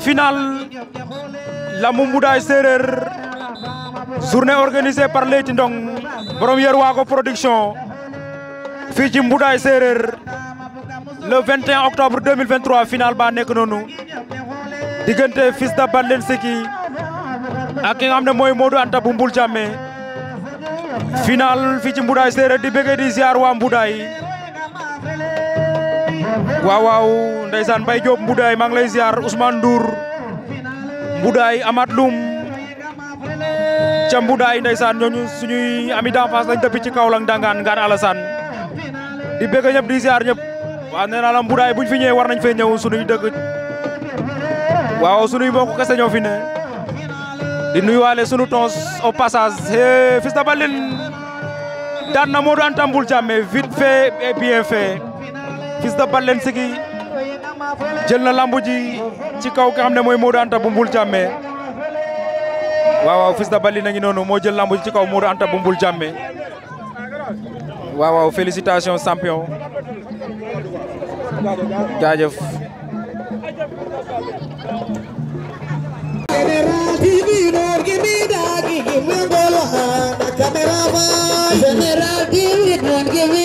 finale la Mboudaye Serrer, journée organisée par les Ndong borom Wago production Fiji ci Serrer, le 21 octobre 2023 finale ba nekk nous. fils de Badlen Siki ak nga ne Anta finale fii ci Serrer, Dibégué di bëgg Wow, waaw ndeysaan job Diop Mboudaye maa ngi lay ziar Ousmane Ndour Mboudaye Amath Loum ca Mboudaye ndeysaan ñooñu suñuy ami d'enfance lañ dëpp ci alasan di bëgg ñëpp di ziar ñëpp waaw nee finya, la Mboudaye buñ fi ñëwee war nañ fee suñuy suñuy di nuyuwaale sunu tons au passage fils dan balin dan na Modou Anta vite fait et bien fait Fils de Bathléne Sigi jël na lambu ji ci kaw ki xam ne mooy Modou Anta bu Mbul Jàmme waaw waaw Fils de Bathléne a ngi noonu moo jël lambu ji ci kaw Modou Anta bu Mbul Jàmme waaw waaw félicitations champion jaajëf. General TV, don't give me